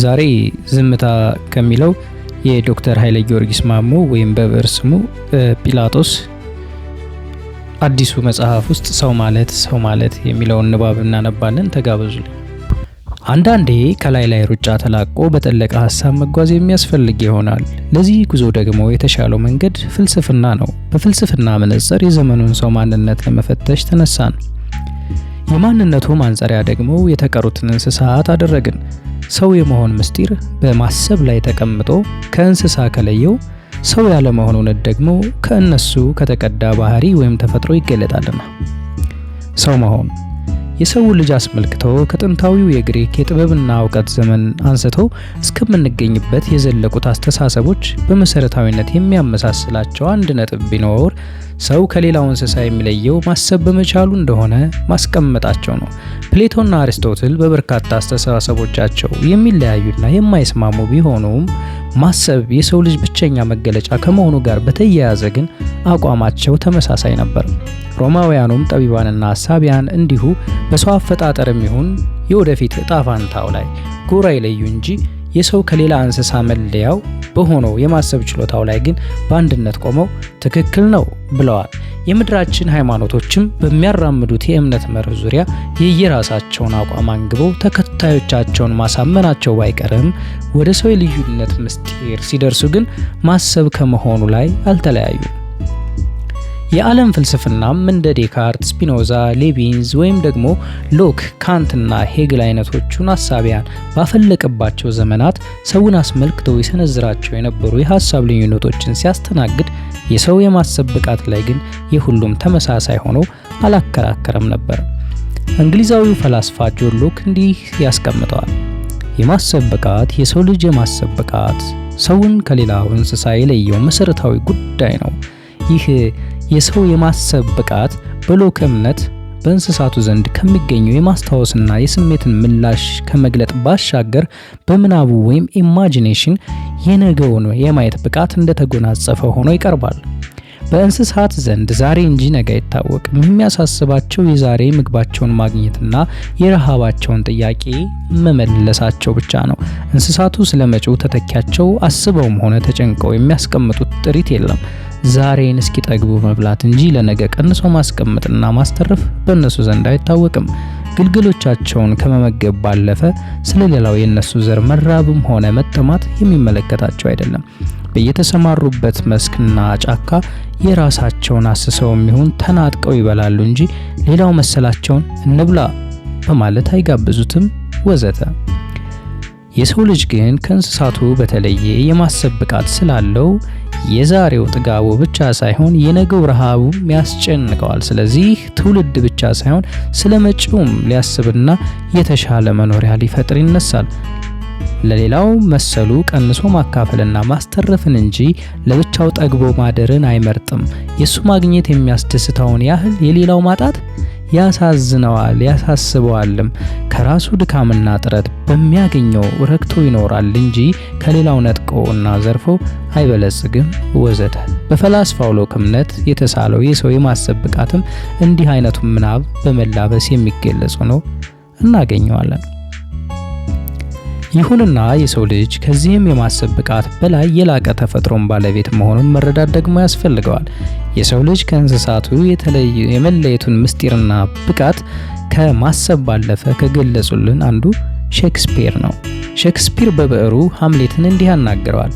ዛሬ ዝምታ ከሚለው የዶክተር ኃይለ ጊዮርጊስ ማሞ ወይም በብዕር ስሙ ጲላጦስ አዲሱ መጽሐፍ ውስጥ ሰው ማለት ሰው ማለት የሚለውን ንባብ እናነባለን። ተጋበዙልኝ። አንዳንዴ ከላይ ላይ ሩጫ ተላቆ በጠለቀ ሀሳብ መጓዝ የሚያስፈልግ ይሆናል። ለዚህ ጉዞ ደግሞ የተሻለው መንገድ ፍልስፍና ነው። በፍልስፍና መነጽር የዘመኑን ሰው ማንነት ለመፈተሽ ተነሳን። የማንነቱ ማንጸሪያ ደግሞ የተቀሩትን እንስሳት አደረግን። ሰው የመሆን ምስጢር በማሰብ ላይ ተቀምጦ ከእንስሳ ከለየው ሰው ያለመሆን እውነት ደግሞ ከእነሱ ከተቀዳ ባህሪ ወይም ተፈጥሮ ይገለጣልና። ሰው መሆን የሰው ልጅ አስመልክቶ ከጥንታዊው የግሪክ የጥበብና እውቀት ዘመን አንስቶ እስከምንገኝበት የዘለቁት አስተሳሰቦች በመሰረታዊነት የሚያመሳስላቸው አንድ ነጥብ ቢኖር ሰው ከሌላው እንስሳ የሚለየው ማሰብ በመቻሉ እንደሆነ ማስቀመጣቸው ነው። ፕሌቶና አሪስቶትል በበርካታ አስተሳሰቦቻቸው የሚለያዩና የማይስማሙ ቢሆኑም ማሰብ የሰው ልጅ ብቸኛ መገለጫ ከመሆኑ ጋር በተያያዘ ግን አቋማቸው ተመሳሳይ ነበር። ሮማውያኑም ጠቢባንና አሳቢያን እንዲሁ በሰው አፈጣጠርም ይሁን የወደፊት እጣ ፋንታው ላይ ጎራ ይለዩ እንጂ የሰው ከሌላ እንስሳ መለያው በሆነው የማሰብ ችሎታው ላይ ግን በአንድነት ቆመው ትክክል ነው ብለዋል። የምድራችን ሃይማኖቶችም በሚያራምዱት የእምነት መርህ ዙሪያ የየራሳቸውን አቋም አንግበው ተከታዮቻቸውን ማሳመናቸው ባይቀርም ወደ ሰው የልዩነት ምስጢር ሲደርሱ ግን ማሰብ ከመሆኑ ላይ አልተለያዩም። የዓለም ፍልስፍናም እንደ ዴካርት፣ ስፒኖዛ፣ ሌቢንዝ ወይም ደግሞ ሎክ፣ ካንትና ሄግል አይነቶቹን አሳቢያን ባፈለቀባቸው ዘመናት ሰውን አስመልክተው የሰነዝራቸው የነበሩ የሀሳብ ልዩነቶችን ሲያስተናግድ የሰው የማሰብ ብቃት ላይ ግን የሁሉም ተመሳሳይ ሆኖ አላከራከረም ነበር። እንግሊዛዊው ፈላስፋ ጆን ሎክ እንዲህ ያስቀምጠዋል። የማሰብ ብቃት የሰው ልጅ የማሰብ ብቃት ሰውን ከሌላው እንስሳ የለየው መሰረታዊ ጉዳይ ነው። ይህ የሰው የማሰብ ብቃት በሎክ እምነት በእንስሳቱ ዘንድ ከሚገኘው የማስታወስና የስሜትን ምላሽ ከመግለጥ ባሻገር በምናቡ ወይም ኢማጂኔሽን የነገውን የማየት ብቃት እንደተጎናጸፈ ሆኖ ይቀርባል። በእንስሳት ዘንድ ዛሬ እንጂ ነገ አይታወቅም። የሚያሳስባቸው የዛሬ ምግባቸውን ማግኘትና የረሃባቸውን ጥያቄ መመለሳቸው ብቻ ነው። እንስሳቱ ስለ መጪው ተተኪያቸው አስበውም ሆነ ተጨንቀው የሚያስቀምጡት ጥሪት የለም። ዛሬን እስኪጠግቡ መብላት እንጂ ለነገ ቀንሶ ማስቀመጥና ማስተረፍ በእነሱ ዘንድ አይታወቅም። ግልግሎቻቸውን ከመመገብ ባለፈ ስለሌላው የእነሱ ዘር መራብም ሆነ መጠማት የሚመለከታቸው አይደለም። በየተሰማሩበት መስክና ጫካ የራሳቸውን አስሰው የሚሆን ተናጥቀው ይበላሉ እንጂ ሌላው መሰላቸውን እንብላ በማለት አይጋብዙትም ወዘተ። የሰው ልጅ ግን ከእንስሳቱ በተለየ የማሰብ ብቃት ስላለው የዛሬው ጥጋቡ ብቻ ሳይሆን የነገው ረሃቡም ያስጨንቀዋል። ስለዚህ ትውልድ ብቻ ሳይሆን ስለ መጪውም ሊያስብና የተሻለ መኖሪያ ሊፈጥር ይነሳል። ለሌላው መሰሉ ቀንሶ ማካፈልና ማስተረፍን እንጂ ለብቻው ጠግቦ ማደርን አይመርጥም። የእሱ ማግኘት የሚያስደስተውን ያህል የሌላው ማጣት ያሳዝነዋል፣ ያሳስበዋልም። ከራሱ ድካምና ጥረት በሚያገኘው ረክቶ ይኖራል እንጂ ከሌላው ነጥቆና ዘርፎ አይበለጽግም ወዘተ። በፈላስፋው ሎቅ እምነት የተሳለው የሰው የማሰብ ብቃትም እንዲህ አይነቱ ምናብ በመላበስ የሚገለጽ ነው እናገኘዋለን። ይሁንና የሰው ልጅ ከዚህም የማሰብ ብቃት በላይ የላቀ ተፈጥሮን ባለቤት መሆኑን መረዳት ደግሞ ያስፈልገዋል። የሰው ልጅ ከእንስሳቱ የተለየ የመለየቱን ምስጢርና ብቃት ከማሰብ ባለፈ ከገለጹልን አንዱ ሼክስፒር ነው። ሼክስፒር በብዕሩ ሐምሌትን እንዲህ ያናግረዋል።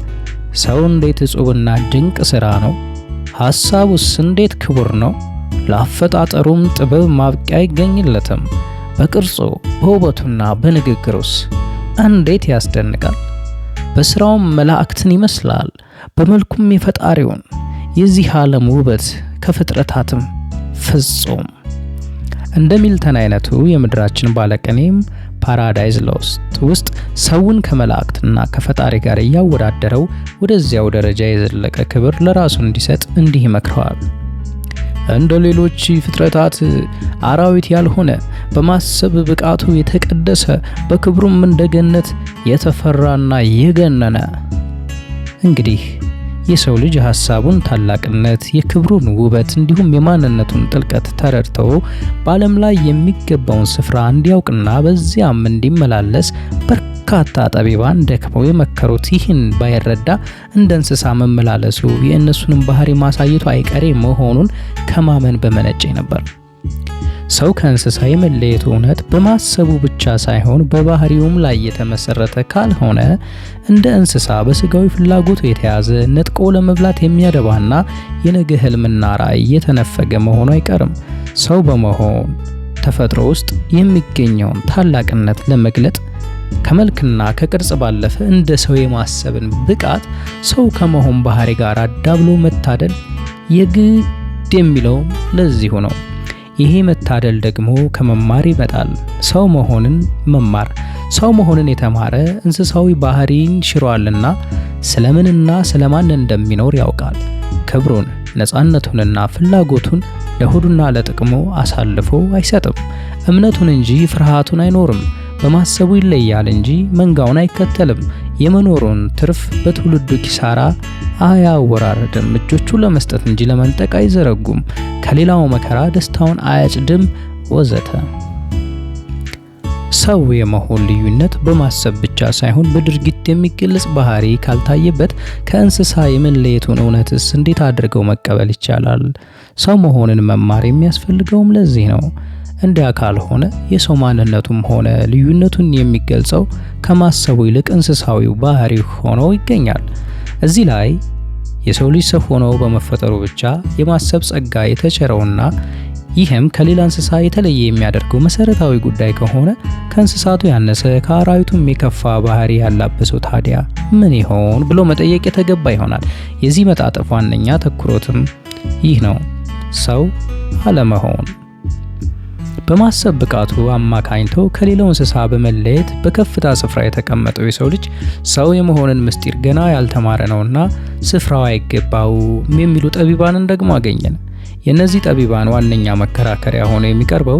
ሰው እንዴት እጹብና ድንቅ ሥራ ነው! ሐሳቡስ እንዴት ክቡር ነው! ለአፈጣጠሩም ጥበብ ማብቂያ አይገኝለትም። በቅርጹ በውበቱና በንግግሩስ እንዴት ያስደንቃል! በሥራውም መላእክትን ይመስላል፣ በመልኩም የፈጣሪውን የዚህ ዓለም ውበት ከፍጥረታትም ፍጹም እንደ ሚልተን አይነቱ የምድራችን ባለቅኔም ፓራዳይዝ ሎስት ውስጥ ሰውን ከመላእክትና ከፈጣሪ ጋር እያወዳደረው ወደዚያው ደረጃ የዘለቀ ክብር ለራሱ እንዲሰጥ እንዲህ ይመክረዋል። እንደ ሌሎች ፍጥረታት አራዊት ያልሆነ በማሰብ ብቃቱ የተቀደሰ በክብሩም እንደገነት የተፈራና የገነነ እንግዲህ የሰው ልጅ ሐሳቡን ታላቅነት፣ የክብሩን ውበት እንዲሁም የማንነቱን ጥልቀት ተረድተው በዓለም ላይ የሚገባውን ስፍራ እንዲያውቅና በዚያም እንዲመላለስ በርካታ ጠቢባን ደክመው የመከሩት ይህን ባይረዳ እንደ እንስሳ መመላለሱ የእነሱንም ባህሪ ማሳየቱ አይቀሬ መሆኑን ከማመን በመነጨ ነበር። ሰው ከእንስሳ የመለየቱ እውነት በማሰቡ ብቻ ሳይሆን በባህሪውም ላይ የተመሰረተ ካልሆነ እንደ እንስሳ በስጋዊ ፍላጎቱ የተያዘ ነጥቆ ለመብላት የሚያደባና የነገ ህልምና ራዕይ የተነፈገ መሆኑ አይቀርም። ሰው በመሆን ተፈጥሮ ውስጥ የሚገኘውን ታላቅነት ለመግለጥ ከመልክና ከቅርጽ ባለፈ እንደ ሰው የማሰብን ብቃት ሰው ከመሆን ባህሪ ጋር አዳብሎ መታደል የግድ የሚለው ለዚሁ ነው። ይሄ መታደል ደግሞ ከመማር ይመጣል። ሰው መሆንን መማር ሰው መሆንን የተማረ እንስሳዊ ባህሪን ሽሯልና ስለምንና ስለማን እንደሚኖር ያውቃል። ክብሩን ነፃነቱንና ፍላጎቱን ለሆዱና ለጥቅሙ አሳልፎ አይሰጥም። እምነቱን እንጂ ፍርሃቱን አይኖርም። በማሰቡ ይለያል እንጂ መንጋውን አይከተልም። የመኖሩን ትርፍ በትውልዱ ኪሳራ አያወራርድም። እጆቹ ለመስጠት እንጂ ለመንጠቅ አይዘረጉም። ከሌላው መከራ ደስታውን አያጭድም ወዘተ። ሰው የመሆን ልዩነት በማሰብ ብቻ ሳይሆን በድርጊት የሚገለጽ ባህሪ ካልታየበት ከእንስሳ የመለየቱን እውነትስ እንዴት አድርገው መቀበል ይቻላል? ሰው መሆንን መማር የሚያስፈልገውም ለዚህ ነው። እንዲያ ካልሆነ የሰው ማንነቱም ሆነ ልዩነቱን የሚገልጸው ከማሰቡ ይልቅ እንስሳዊው ባህሪ ሆኖ ይገኛል። እዚህ ላይ የሰው ልጅ ሰው ሆኖ በመፈጠሩ ብቻ የማሰብ ጸጋ የተቸረውና ይህም ከሌላ እንስሳ የተለየ የሚያደርገው መሰረታዊ ጉዳይ ከሆነ ከእንስሳቱ ያነሰ ከአራዊቱም የከፋ ባህሪ ያላበሰው ታዲያ ምን ይሆን ብሎ መጠየቅ የተገባ ይሆናል። የዚህ መጣጥፍ ዋነኛ ተኩሮትም ይህ ነው፣ ሰው አለመሆን። በማሰብ ብቃቱ አማካኝቶ ከሌላው እንስሳ በመለየት በከፍታ ስፍራ የተቀመጠው የሰው ልጅ ሰው የመሆንን ምስጢር ገና ያልተማረ ነውና ስፍራው አይገባውም የሚሉ ጠቢባንን ደግሞ አገኘን። የእነዚህ ጠቢባን ዋነኛ መከራከሪያ ሆኖ የሚቀርበው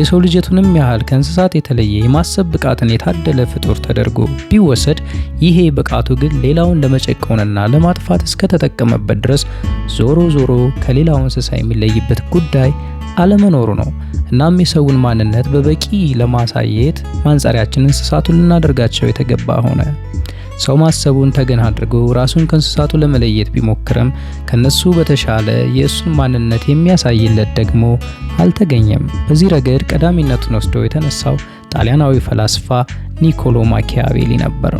የሰው ልጅቱንም ያህል ከእንስሳት የተለየ የማሰብ ብቃትን የታደለ ፍጡር ተደርጎ ቢወሰድ ይሄ ብቃቱ ግን ሌላውን ለመጨቆንና ለማጥፋት እስከተጠቀመበት ድረስ ዞሮ ዞሮ ከሌላው እንስሳ የሚለይበት ጉዳይ አለመኖሩ ነው። እናም የሰውን ማንነት በበቂ ለማሳየት ማንጻሪያችን እንስሳቱን ልናደርጋቸው የተገባ ሆነ። ሰው ማሰቡን ተገን አድርጎ ራሱን ከእንስሳቱ ለመለየት ቢሞክርም ከነሱ በተሻለ የእሱን ማንነት የሚያሳይለት ደግሞ አልተገኘም። በዚህ ረገድ ቀዳሚነቱን ወስዶ የተነሳው ጣሊያናዊ ፈላስፋ ኒኮሎ ማኪያቬሊ ነበር።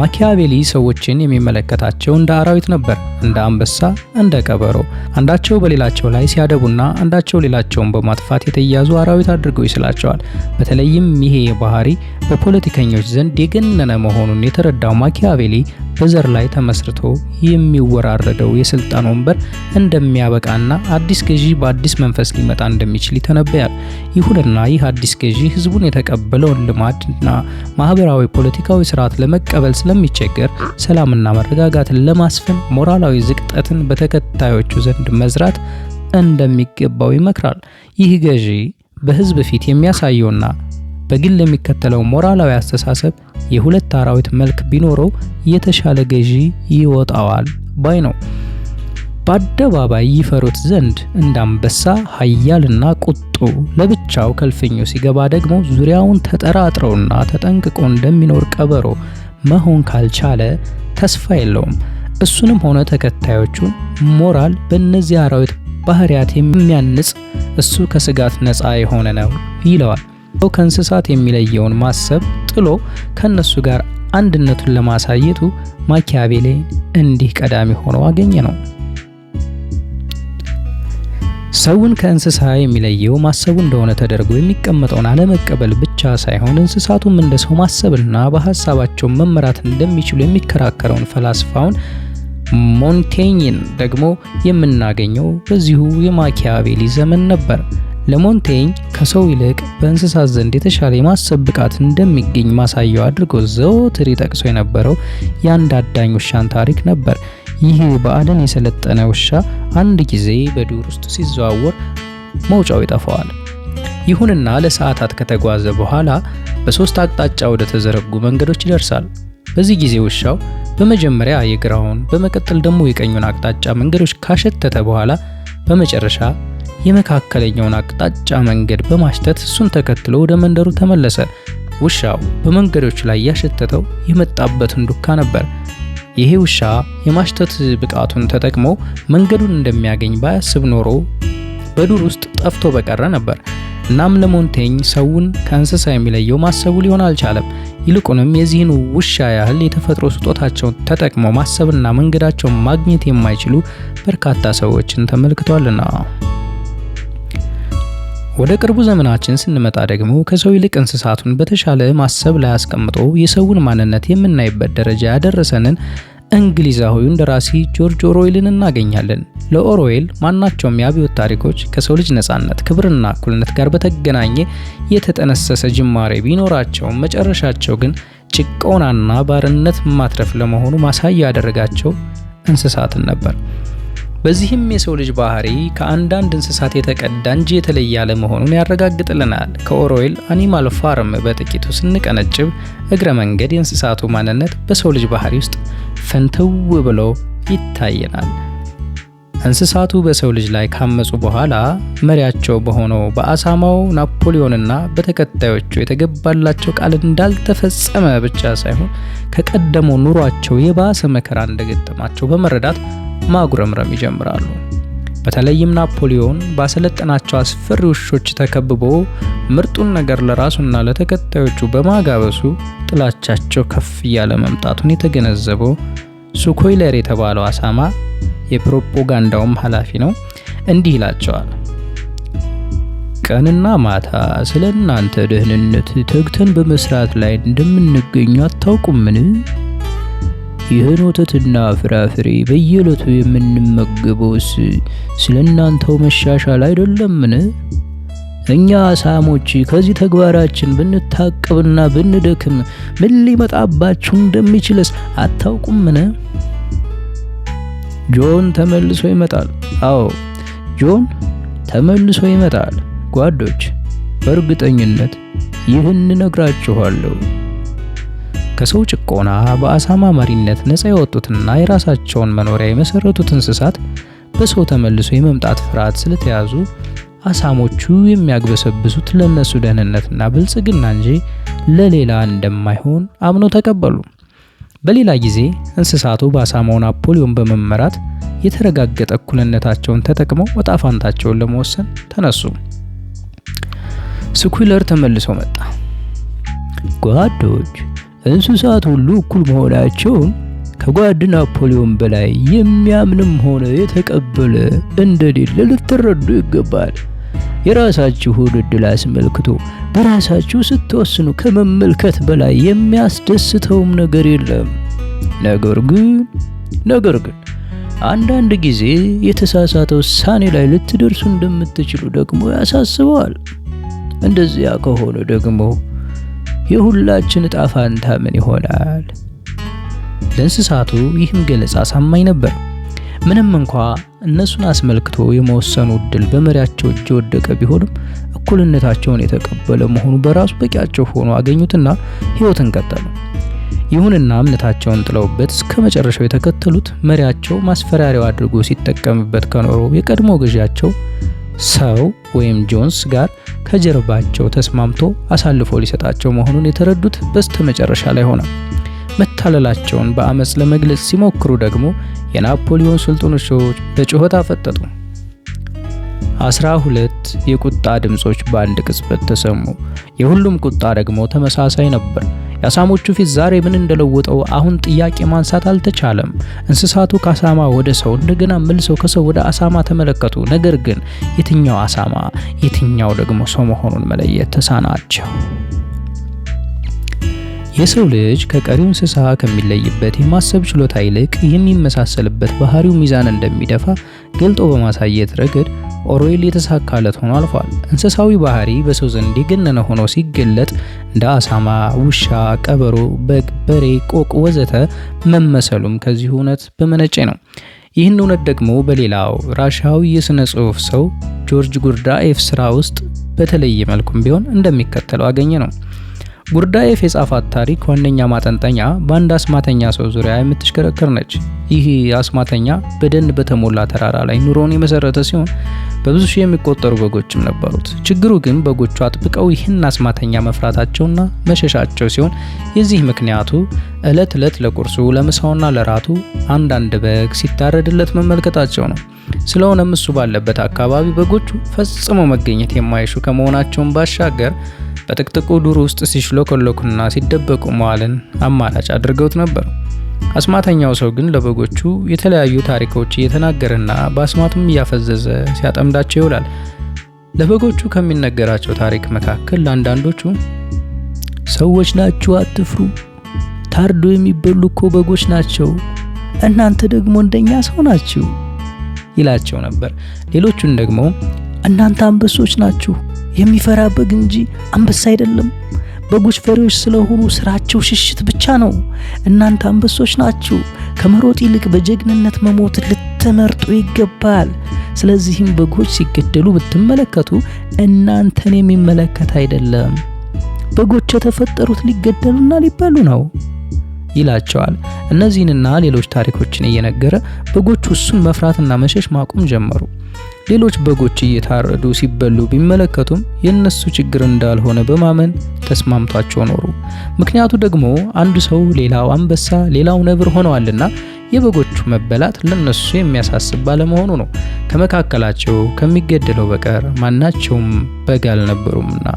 ማኪያቬሊ ሰዎችን የሚመለከታቸው እንደ አራዊት ነበር፣ እንደ አንበሳ፣ እንደ ቀበሮ። አንዳቸው በሌላቸው ላይ ሲያደቡና አንዳቸው ሌላቸውን በማጥፋት የተያዙ አራዊት አድርገው ይስላቸዋል። በተለይም ይሄ ባህሪ በፖለቲከኞች ዘንድ የገነነ መሆኑን የተረዳው ማኪያቬሊ በዘር ላይ ተመስርቶ የሚወራረደው የስልጣን ወንበር እንደሚያበቃና አዲስ ገዢ በአዲስ መንፈስ ሊመጣ እንደሚችል ይተነበያል። ይሁንና ይህ አዲስ ገዢ ህዝቡን የተቀበለውን ልማድና ማህበራዊ ፖለቲካዊ ስርዓት ለመቀበል ስለሚቸገር ሰላምና መረጋጋትን ለማስፈን ሞራላዊ ዝቅጠትን በተከታዮቹ ዘንድ መዝራት እንደሚገባው ይመክራል። ይህ ገዢ በህዝብ ፊት የሚያሳየውና በግል የሚከተለው ሞራላዊ አስተሳሰብ የሁለት አራዊት መልክ ቢኖረው የተሻለ ገዢ ይወጣዋል ባይ ነው። በአደባባይ ይፈሩት ዘንድ እንዳንበሳ አንበሳ ኃያልና ቁጡ ለብቻው ከልፍኙ ሲገባ ደግሞ ዙሪያውን ተጠራጥረውና ተጠንቅቆ እንደሚኖር ቀበሮ መሆን ካልቻለ ተስፋ የለውም። እሱንም ሆነ ተከታዮቹን ሞራል በእነዚህ አራዊት ባህሪያት የሚያንጽ እሱ ከስጋት ነፃ የሆነ ነው ይለዋል። ሰው ከእንስሳት የሚለየውን ማሰብ ጥሎ ከእነሱ ጋር አንድነቱን ለማሳየቱ ማኪያቤሌ እንዲህ ቀዳሚ ሆኖ አገኘ ነው። ሰውን ከእንስሳ የሚለየው ማሰቡ እንደሆነ ተደርጎ የሚቀመጠውን አለመቀበል ብቻ ሳይሆን እንስሳቱም እንደ ሰው ማሰብና በሀሳባቸው መመራት እንደሚችሉ የሚከራከረውን ፈላስፋውን ሞንቴኝን ደግሞ የምናገኘው በዚሁ የማኪያቬሊ ዘመን ነበር። ለሞንቴኝ ከሰው ይልቅ በእንስሳት ዘንድ የተሻለ የማሰብ ብቃት እንደሚገኝ ማሳያው አድርጎ ዘወትር ጠቅሶ የነበረው የአንድ አዳኝ ውሻን ታሪክ ነበር። ይህ በአደን የሰለጠነ ውሻ አንድ ጊዜ በዱር ውስጥ ሲዘዋወር መውጫው ይጠፋዋል። ይሁንና ለሰዓታት ከተጓዘ በኋላ በሶስት አቅጣጫ ወደ ተዘረጉ መንገዶች ይደርሳል። በዚህ ጊዜ ውሻው በመጀመሪያ የግራውን በመቀጠል ደግሞ የቀኙን አቅጣጫ መንገዶች ካሸተተ በኋላ በመጨረሻ የመካከለኛውን አቅጣጫ መንገድ በማሽተት እሱን ተከትሎ ወደ መንደሩ ተመለሰ። ውሻው በመንገዶች ላይ ያሸተተው የመጣበትን ዱካ ነበር። ይሄ ውሻ የማሽተት ብቃቱን ተጠቅሞ መንገዱን እንደሚያገኝ ባያስብ ኖሮ በዱር ውስጥ ጠፍቶ በቀረ ነበር። እናም ለሞንቴኝ ሰውን ከእንስሳ የሚለየው ማሰቡ ሊሆን አልቻለም። ይልቁንም የዚህን ውሻ ያህል የተፈጥሮ ስጦታቸውን ተጠቅሞ ማሰብና መንገዳቸውን ማግኘት የማይችሉ በርካታ ሰዎችን ተመልክቷልና። ወደ ቅርቡ ዘመናችን ስንመጣ ደግሞ ከሰው ይልቅ እንስሳቱን በተሻለ ማሰብ ላይ አስቀምጦ የሰውን ማንነት የምናይበት ደረጃ ያደረሰንን እንግሊዛዊውን ደራሲ ጆርጅ ኦሮዌልን እናገኛለን። ለኦሮዌል ማናቸውም የአብዮት ታሪኮች ከሰው ልጅ ነጻነት፣ ክብርና እኩልነት ጋር በተገናኘ የተጠነሰሰ ጅማሬ ቢኖራቸውም መጨረሻቸው ግን ጭቆናና ባርነት ማትረፍ ለመሆኑ ማሳያ ያደረጋቸው እንስሳትን ነበር። በዚህም የሰው ልጅ ባህሪ ከአንዳንድ እንስሳት የተቀዳ እንጂ የተለየ አለመሆኑን ያረጋግጥልናል። ከኦሮዌል አኒማል ፋርም በጥቂቱ ስንቀነጭብ እግረ መንገድ የእንስሳቱ ማንነት በሰው ልጅ ባህሪ ውስጥ ፈንተው ብሎ ይታየናል። እንስሳቱ በሰው ልጅ ላይ ካመጹ በኋላ መሪያቸው በሆነው በአሳማው ናፖሊዮንና በተከታዮቹ የተገባላቸው ቃል እንዳልተፈጸመ ብቻ ሳይሆን ከቀደመው ኑሯቸው የባሰ መከራ እንደገጠማቸው በመረዳት ማጉረምረም ይጀምራሉ። በተለይም ናፖሊዮን ባሰለጠናቸው አስፈሪ ውሾች ተከብቦ ምርጡን ነገር ለራሱና ለተከታዮቹ በማጋበሱ ጥላቻቸው ከፍ እያለ መምጣቱን የተገነዘበው ሱኮይለር የተባለው አሳማ የፕሮፓጋንዳውም ኃላፊ ነው። እንዲህ ይላቸዋል። ቀንና ማታ ስለ እናንተ ደህንነት ተግተን በመስራት ላይ እንደምንገኙ አታውቁምን? ይህን ወተትና ፍራፍሬ በየዕለቱ የምንመገበውስ ስለ እናንተው መሻሻል አይደለምን? እኛ ሳሞች ከዚህ ተግባራችን ብንታቀብና ብንደክም ምን ሊመጣባችሁ እንደሚችልስ አታውቁምን? ጆን ተመልሶ ይመጣል። አዎ ጆን ተመልሶ ይመጣል። ጓዶች፣ በእርግጠኝነት ይህን እነግራችኋለሁ። ከሰው ጭቆና በአሳማ መሪነት ነፃ የወጡትና የራሳቸውን መኖሪያ የመሰረቱት እንስሳት በሰው ተመልሶ የመምጣት ፍርሃት ስለተያዙ አሳሞቹ የሚያግበሰብሱት ለነሱ ደህንነትና ብልጽግና እንጂ ለሌላ እንደማይሆን አምኖ ተቀበሉ። በሌላ ጊዜ እንስሳቱ በአሳማው ናፖሊዮን በመመራት የተረጋገጠ እኩልነታቸውን ተጠቅመው ወጣ ፋንታቸውን ለመወሰን ተነሱ። ስኩለር ተመልሶ መጣ። ጓዶች እንስሳት ሁሉ እኩል መሆናቸውን ከጓድ ናፖሊዮን በላይ የሚያምንም ሆነ የተቀበለ እንደሌለ ልትረዱ ይገባል። የራሳችሁን እድል አስመልክቶ በራሳችሁ ስትወስኑ ከመመልከት በላይ የሚያስደስተውም ነገር የለም። ነገር ግን ነገር ግን አንዳንድ ጊዜ የተሳሳተ ውሳኔ ላይ ልትደርሱ እንደምትችሉ ደግሞ ያሳስበዋል። እንደዚያ ከሆነ ደግሞ የሁላችን እጣ ፋንታ ምን ይሆናል? ለእንስሳቱ ይህም ገለጻ አሳማኝ ነበር። ምንም እንኳ እነሱን አስመልክቶ የመወሰኑ እድል በመሪያቸው እጅ ወደቀ ቢሆንም እኩልነታቸውን የተቀበለ መሆኑ በራሱ በቂያቸው ሆኖ አገኙትና ህይወትን ቀጠሉ። ይሁንና እምነታቸውን ጥለውበት እስከ መጨረሻው የተከተሉት መሪያቸው ማስፈራሪያው አድርጎ ሲጠቀምበት ከኖረው የቀድሞ ገዢያቸው ሰው ወይም ጆንስ ጋር ከጀርባቸው ተስማምቶ አሳልፎ ሊሰጣቸው መሆኑን የተረዱት በስተመጨረሻ ላይ ሆነ። መታለላቸውን በአመፅ ለመግለጽ ሲሞክሩ ደግሞ የናፖሊዮን ስልጡኖች በጩኸት አፈጠጡ። አስራ ሁለት የቁጣ ድምጾች በአንድ ቅጽበት ተሰሙ። የሁሉም ቁጣ ደግሞ ተመሳሳይ ነበር። የአሳሞቹ ፊት ዛሬ ምን እንደለወጠው አሁን ጥያቄ ማንሳት አልተቻለም። እንስሳቱ ከአሳማ ወደ ሰው እንደገና መልሰው ከሰው ወደ አሳማ ተመለከቱ። ነገር ግን የትኛው አሳማ የትኛው ደግሞ ሰው መሆኑን መለየት ተሳናቸው። የሰው ልጅ ከቀሪው እንስሳ ከሚለይበት የማሰብ ችሎታ ይልቅ የሚመሳሰልበት ባህሪው ሚዛን እንደሚደፋ ገልጦ በማሳየት ረገድ ኦሮዌል የተሳካለት ሆኖ አልፏል። እንስሳዊ ባህሪ በሰው ዘንድ የገነነ ሆኖ ሲገለጥ እንደ አሳማ፣ ውሻ፣ ቀበሮ፣ በግ፣ በሬ፣ ቆቅ ወዘተ መመሰሉም ከዚሁ እውነት በመነጨ ነው። ይህን እውነት ደግሞ በሌላው ራሻዊ የሥነ ጽሑፍ ሰው ጆርጅ ጉርዳ ኤፍ ስራ ውስጥ በተለየ መልኩም ቢሆን እንደሚከተለው አገኘ ነው። ጉርዳዬፍ የጻፋት ታሪክ ዋነኛ ማጠንጠኛ በአንድ አስማተኛ ሰው ዙሪያ የምትሽከረከር ነች። ይህ አስማተኛ በደን በተሞላ ተራራ ላይ ኑሮውን የመሰረተ ሲሆን በብዙ ሺህ የሚቆጠሩ በጎችም ነበሩት። ችግሩ ግን በጎቹ አጥብቀው ይህን አስማተኛ መፍራታቸውና መሸሻቸው ሲሆን የዚህ ምክንያቱ ዕለት ዕለት ለቁርሱ ለምሳውና ለራቱ አንዳንድ በግ ሲታረድለት መመልከታቸው ነው። ስለሆነም እሱ ባለበት አካባቢ በጎቹ ፈጽሞ መገኘት የማይሹ ከመሆናቸውን ባሻገር በጥቅጥቁ ዱር ውስጥ ሲሽሎኮሎኩና ሲደበቁ መዋልን አማራጭ አድርገውት ነበር። አስማተኛው ሰው ግን ለበጎቹ የተለያዩ ታሪኮች እየተናገረና በአስማቱም እያፈዘዘ ሲያጠምዳቸው ይውላል። ለበጎቹ ከሚነገራቸው ታሪክ መካከል አንዳንዶቹ ሰዎች ናችሁ፣ አትፍሩ፣ ታርዶ የሚበሉ እኮ በጎች ናቸው፣ እናንተ ደግሞ እንደኛ ሰው ናችሁ ይላቸው ነበር። ሌሎቹን ደግሞ እናንተ አንበሶች ናችሁ የሚፈራ በግ እንጂ አንበሳ አይደለም። በጎች ፈሪዎች ስለሆኑ ስራቸው ሽሽት ብቻ ነው። እናንተ አንበሶች ናችሁ። ከመሮጥ ይልቅ በጀግንነት መሞት ልትመርጡ ይገባል። ስለዚህም በጎች ሲገደሉ ብትመለከቱ እናንተን የሚመለከት አይደለም። በጎች የተፈጠሩት ሊገደሉና ሊበሉ ነው ይላቸዋል። እነዚህንና ሌሎች ታሪኮችን እየነገረ በጎቹ እሱን መፍራትና መሸሽ ማቆም ጀመሩ። ሌሎች በጎች እየታረዱ ሲበሉ ቢመለከቱም የነሱ ችግር እንዳልሆነ በማመን ተስማምቷቸው ኖሩ። ምክንያቱ ደግሞ አንዱ ሰው ሌላው አንበሳ፣ ሌላው ነብር ሆነዋልና የበጎቹ መበላት ለነሱ የሚያሳስብ ባለመሆኑ ነው። ከመካከላቸው ከሚገደለው በቀር ማናቸውም በግ አልነበሩምና።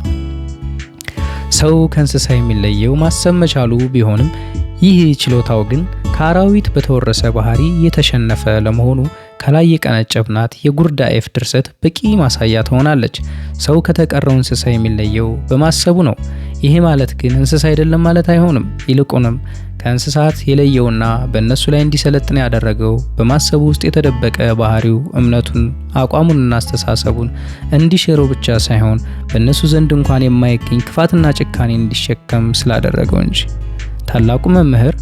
ሰው ከእንስሳ የሚለየው ማሰብ መቻሉ ቢሆንም ይህ ችሎታው ግን ከአራዊት በተወረሰ ባህሪ የተሸነፈ ለመሆኑ ከላይ የቀነጨብናት የጉርዳ ኤፍ ድርሰት በቂ ማሳያ ትሆናለች። ሰው ከተቀረው እንስሳ የሚለየው በማሰቡ ነው። ይሄ ማለት ግን እንስሳ አይደለም ማለት አይሆንም። ይልቁንም ከእንስሳት የለየውና በእነሱ ላይ እንዲሰለጥን ያደረገው በማሰቡ ውስጥ የተደበቀ ባህሪው፣ እምነቱን፣ አቋሙንና አስተሳሰቡን እንዲሽረው ብቻ ሳይሆን በእነሱ ዘንድ እንኳን የማይገኝ ክፋትና ጭካኔ እንዲሸከም ስላደረገው እንጂ ታላቁ መምህር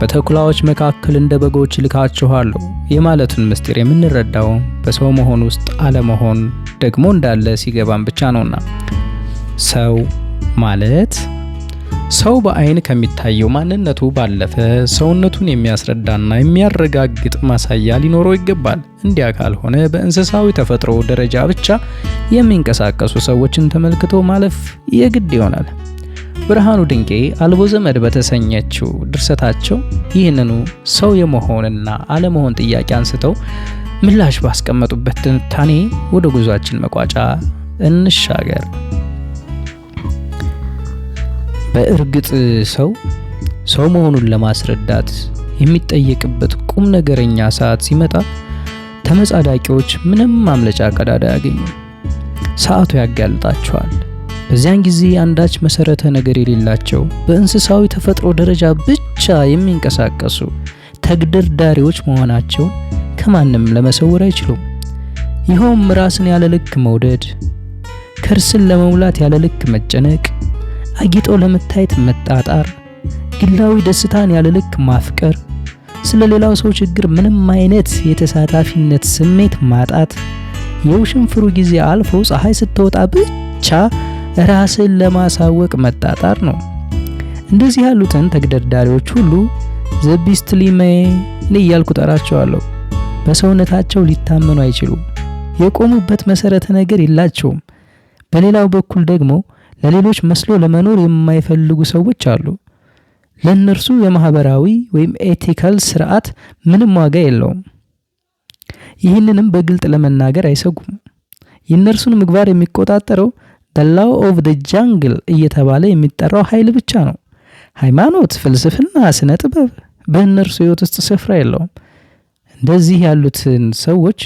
በተኩላዎች መካከል እንደ በጎች ልካችኋለሁ የማለቱን ምስጢር የምንረዳው በሰው መሆን ውስጥ አለመሆን ደግሞ እንዳለ ሲገባን ብቻ ነውና። ሰው ማለት ሰው በአይን ከሚታየው ማንነቱ ባለፈ ሰውነቱን የሚያስረዳና የሚያረጋግጥ ማሳያ ሊኖረው ይገባል። እንዲያ ካልሆነ በእንስሳዊ ተፈጥሮ ደረጃ ብቻ የሚንቀሳቀሱ ሰዎችን ተመልክቶ ማለፍ የግድ ይሆናል። ብርሃኑ ድንቄ አልቦ ዘመድ በተሰኘችው ድርሰታቸው ይህንኑ ሰው የመሆንና አለመሆን ጥያቄ አንስተው ምላሽ ባስቀመጡበት ትንታኔ ወደ ጉዟችን መቋጫ እንሻገር። በእርግጥ ሰው ሰው መሆኑን ለማስረዳት የሚጠየቅበት ቁም ነገረኛ ሰዓት ሲመጣ ተመጻዳቂዎች ምንም ማምለጫ ቀዳዳ ያገኙ፣ ሰዓቱ ያጋልጣቸዋል። በዚያን ጊዜ አንዳች መሰረተ ነገር የሌላቸው በእንስሳዊ ተፈጥሮ ደረጃ ብቻ የሚንቀሳቀሱ ተግደርዳሪዎች መሆናቸውን ከማንም ለመሰወር አይችሉም። ይኸውም ራስን ያለ ልክ መውደድ፣ ከርስን ለመሙላት ያለ ልክ መጨነቅ፣ አጊጦ ለመታየት መጣጣር፣ ግላዊ ደስታን ያለ ልክ ማፍቀር፣ ስለ ሌላው ሰው ችግር ምንም አይነት የተሳታፊነት ስሜት ማጣት፣ የውሽንፍሩ ጊዜ አልፎ ፀሐይ ስትወጣ ብቻ ራስን ለማሳወቅ መጣጣር ነው። እንደዚህ ያሉትን ተግደርዳሪዎች ሁሉ ዘቢስትሊሜ እኔ እያልኩ ጠራቸዋለሁ። በሰውነታቸው ሊታመኑ አይችሉም። የቆሙበት መሰረተ ነገር የላቸውም። በሌላው በኩል ደግሞ ለሌሎች መስሎ ለመኖር የማይፈልጉ ሰዎች አሉ። ለእነርሱ የማህበራዊ ወይም ኤቲካል ስርዓት ምንም ዋጋ የለውም። ይህንንም በግልጥ ለመናገር አይሰጉም። የእነርሱን ምግባር የሚቆጣጠረው ላው ኦፍ ደ ጃንግል እየተባለ የሚጠራው ኃይል ብቻ ነው። ሃይማኖት፣ ፍልስፍና፣ ስነ ጥበብ በእነርሱ ህይወት ውስጥ ስፍራ የለውም። እንደዚህ ያሉትን ሰዎች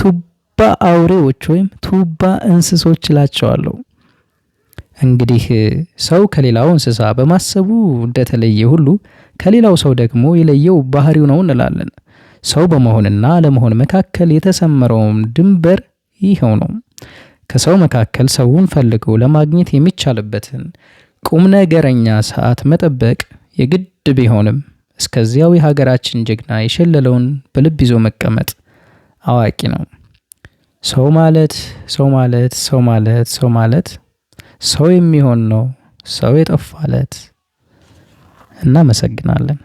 ቱባ አውሬዎች ወይም ቱባ እንስሶች እላቸዋለሁ። እንግዲህ ሰው ከሌላው እንስሳ በማሰቡ እንደተለየ ሁሉ ከሌላው ሰው ደግሞ የለየው ባህሪው ነው እንላለን። ሰው በመሆንና አለመሆን መካከል የተሰመረውም ድንበር ይኸው ነው። ከሰው መካከል ሰውን ፈልጎ ለማግኘት የሚቻልበትን ቁም ነገረኛ ሰዓት መጠበቅ የግድ ቢሆንም እስከዚያው የሀገራችን ጀግና የሸለለውን በልብ ይዞ መቀመጥ አዋቂ ነው። ሰው ማለት ሰው ማለት ሰው ማለት ሰው ማለት ሰው የሚሆን ነው ሰው የጠፋለት። እናመሰግናለን።